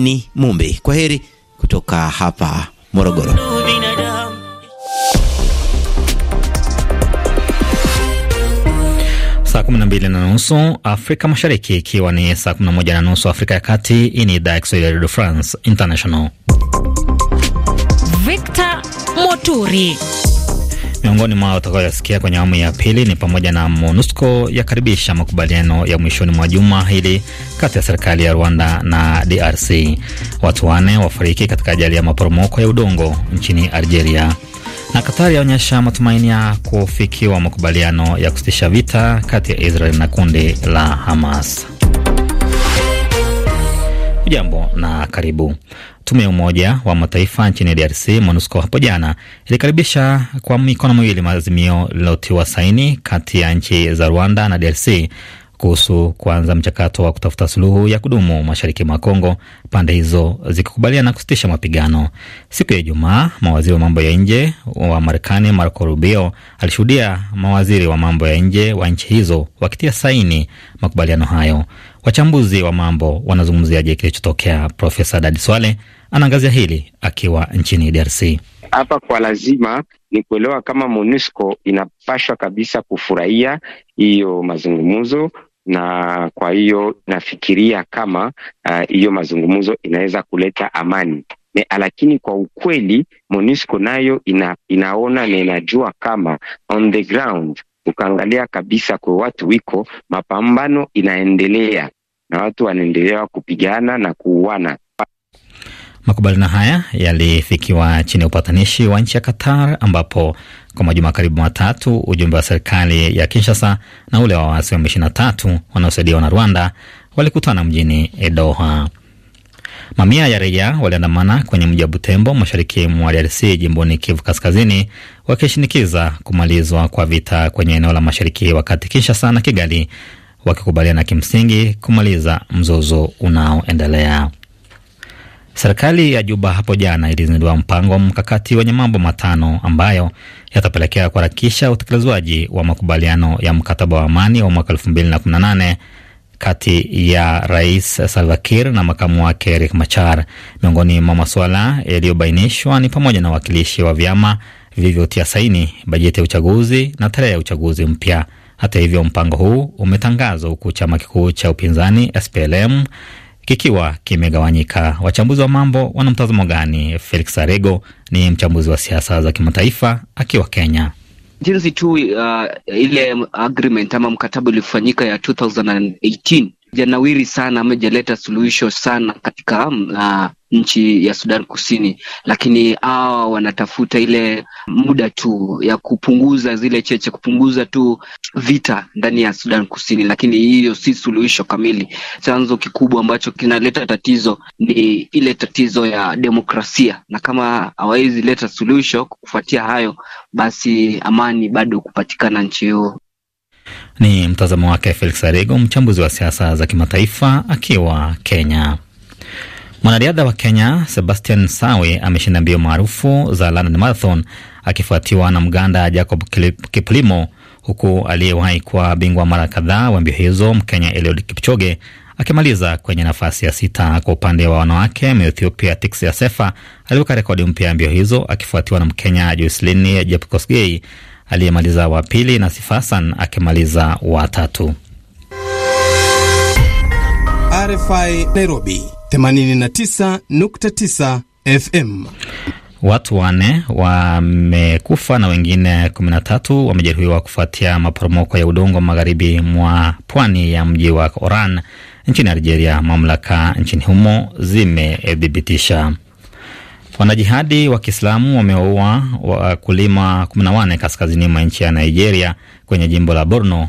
Ni Mumbi, kwa heri kutoka hapa Morogoro. Saa kumi na mbili na nusu Afrika Mashariki, ikiwa ni saa kumi na moja na nusu Afrika ya Kati. Hii ni idhaa ya Kiswahili ya Redio France International. Victor Moturi Miongoni mwa watakaoyasikia kwenye awamu ya pili ni pamoja na MONUSCO yakaribisha makubaliano ya mwishoni mwa juma hili kati ya serikali ya Rwanda na DRC. Watu wane wafariki katika ajali ya maporomoko ya udongo nchini Algeria, na Katari yaonyesha matumaini ya kufikiwa makubaliano ya kusitisha vita kati ya Israel na kundi la Hamas. Hujambo na karibu. Tume ya Umoja wa Mataifa nchini DRC, MONUSCO, hapo jana ilikaribisha kwa mikono miwili maazimio lililotiwa saini kati ya nchi za Rwanda na DRC kuhusu kuanza mchakato wa kutafuta suluhu ya kudumu mashariki mwa Kongo, pande hizo zikikubaliana kusitisha mapigano. Siku ya Ijumaa, mawaziri wa mambo ya nje wa Marekani Marco Rubio alishuhudia mawaziri wa mambo ya nje wa nchi hizo wakitia saini makubaliano hayo. Wachambuzi wa mambo wanazungumziaje kilichotokea? Profesa Dadi Swale anaangazia hili akiwa nchini DRC. Hapa kwa lazima ni kuelewa kama MONUSCO inapashwa kabisa kufurahia hiyo mazungumzo na kwa hiyo nafikiria kama uh, hiyo uh, mazungumzo inaweza kuleta amani ne, lakini kwa ukweli monisco nayo ina, inaona na inajua kama on the ground ukaangalia kabisa kwa watu wiko mapambano inaendelea na watu wanaendelea kupigana na kuuana. Makubaliano haya yalifikiwa chini ya upatanishi wa nchi ya Qatar, ambapo kwa majuma karibu matatu ujumbe wa serikali ya Kinshasa na ule wa waasi wa M23 wanaosaidiwa na Rwanda walikutana mjini Doha. Mamia ya raia waliandamana kwenye mji wa Butembo, mashariki mwa DRC, jimboni Kivu Kaskazini, wakishinikiza kumalizwa kwa vita kwenye eneo la mashariki, wakati Kinshasa na Kigali wakikubaliana kimsingi kumaliza mzozo unaoendelea. Serikali ya Juba hapo jana ilizindua mpango mkakati wenye mambo matano ambayo yatapelekea kuharakisha utekelezwaji wa makubaliano ya mkataba wa amani wa mwaka nane kati ya Rais Salva Kiir na makamu wake Riek Machar. Miongoni mwa masuala yaliyobainishwa ni pamoja na uwakilishi wa vyama vilivyotia saini, bajeti ya uchaguzi na tarehe ya uchaguzi mpya. Hata hivyo, mpango huu umetangazwa huku chama kikuu cha upinzani SPLM kikiwa kimegawanyika. Wachambuzi wa mambo wana mtazamo gani? Felix Arego ni mchambuzi wa siasa za kimataifa akiwa Kenya. Jinsi tu uh, ile agreement ama mkataba uliofanyika ya 2018 janawiri sana amejaleta suluhisho sana katika uh, nchi ya Sudan Kusini, lakini hawa wanatafuta ile muda tu ya kupunguza zile cheche, kupunguza tu vita ndani ya Sudan Kusini, lakini hiyo si suluhisho kamili. Chanzo kikubwa ambacho kinaleta tatizo ni ile tatizo ya demokrasia, na kama hawawezi leta suluhisho kufuatia hayo, basi amani bado kupatikana nchi hiyo. Ni mtazamo wake Felix Arego, mchambuzi wa siasa za kimataifa akiwa Kenya. Mwanariadha wa Kenya Sebastian Sawe ameshinda mbio maarufu za London Marathon akifuatiwa na Mganda Jacob Kiplimo, huku aliyewahi kuwa bingwa mara kadhaa wa mbio hizo Mkenya Eliud Kipchoge akimaliza kwenye nafasi ya sita. Kwa upande wa wanawake, methiopia Tiksi Asefa aliweka rekodi mpya ya mbio hizo akifuatiwa na Mkenya Joycelyn Jepkosgei aliyemaliza wa pili na Sifasan akimaliza wa tatu. RFI Nairobi 89.9 FM. Watu wane wamekufa na wengine 13 wamejeruhiwa kufuatia maporomoko ya udongo magharibi mwa pwani ya mji wa Oran nchini Algeria. Mamlaka nchini humo zimethibitisha Wanajihadi wa Kiislamu wamewaua wakulima 14 kaskazini mwa nchi ya Nigeria kwenye jimbo la Borno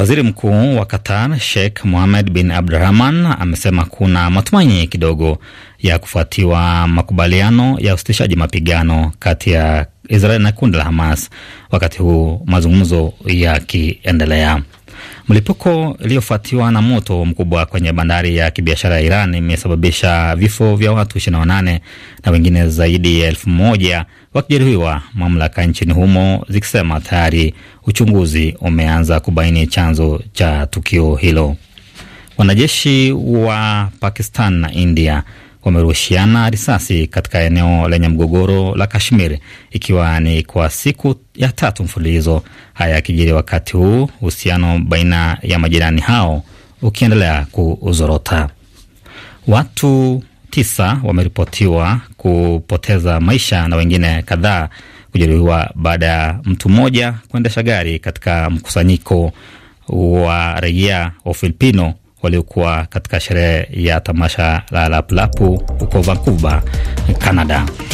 Waziri mkuu wa Qatar Sheikh muhamed bin Abdurahman amesema kuna matumaini kidogo ya kufuatiwa makubaliano ya usitishaji mapigano kati ya Israeli na kundi la Hamas, wakati huu mazungumzo yakiendelea. Mlipuko iliyofuatiwa na moto mkubwa kwenye bandari ya kibiashara ya Iran imesababisha vifo vya watu 28 na wengine zaidi ya elfu moja wakijeruhiwa, mamlaka nchini humo zikisema tayari uchunguzi umeanza kubaini chanzo cha tukio hilo. Wanajeshi wa Pakistan na India wamerushiana risasi katika eneo lenye mgogoro la Kashmir, ikiwa ni kwa siku ya tatu mfululizo. Haya yakijiri wakati huu uhusiano baina ya majirani hao ukiendelea kuzorota. Watu tisa wameripotiwa kupoteza maisha na wengine kadhaa kujeruhiwa baada ya mtu mmoja kuendesha gari katika mkusanyiko wa raia wa Filipino waliokuwa katika sherehe ya tamasha la lapu huko Vancouver, Canada.